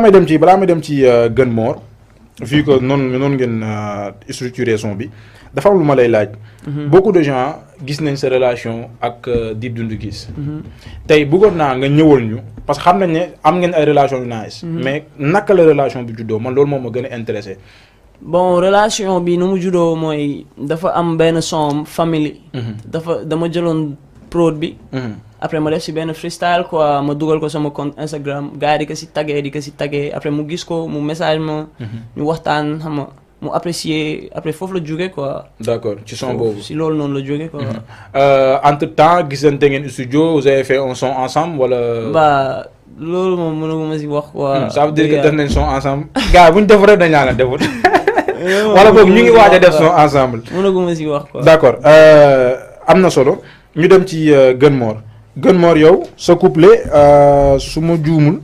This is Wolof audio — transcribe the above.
balaa dem ci balaa dem ci euh, gën moor vu que noonu noonu ngeen euh, structuré bi dafa am lu ma lay laaj. Mhm. beaucoup de gens gis nañ sa relation ak euh, Dip dund Guiss. Mhm. tey bëggoon naa nga ñëwal ñu parce que xam nañ ne am ngeen ay relation yu nice. Mhm. mais naka la relation bi juddoo man loolu moom ma gën a intéressé. bon relation bi nu mu juddoo mooy dafa am benn somme famille. dafa dama jëloon prod bi après moi def bien benn freestyle quoi ma dugal ko sama compte Instagram gars yi di ko si tagué di ko si tagué après mu gis ko message ma. ñu mhm. waxtaan xam nga apprécier après faut le jouer quoi. D'accord, tu sens son si l'on non le jógee quoi. Mhm. Eh, entre temps gisante ngeen studio vous avez fait un son ensemble wala. bah loolu moom mënaguma si wax quoi. Hmm, ça veut dire que def nañ son ensemble. gars bu ñu def rek dañ laa Voilà pour wala voir ñu ngi waaj a def son ensemble. mënaguma si wax quoi. D'accord. accord euh, am solo ñu dem ci euh, Gun gën moor yow sa couplet euh, su ma juumul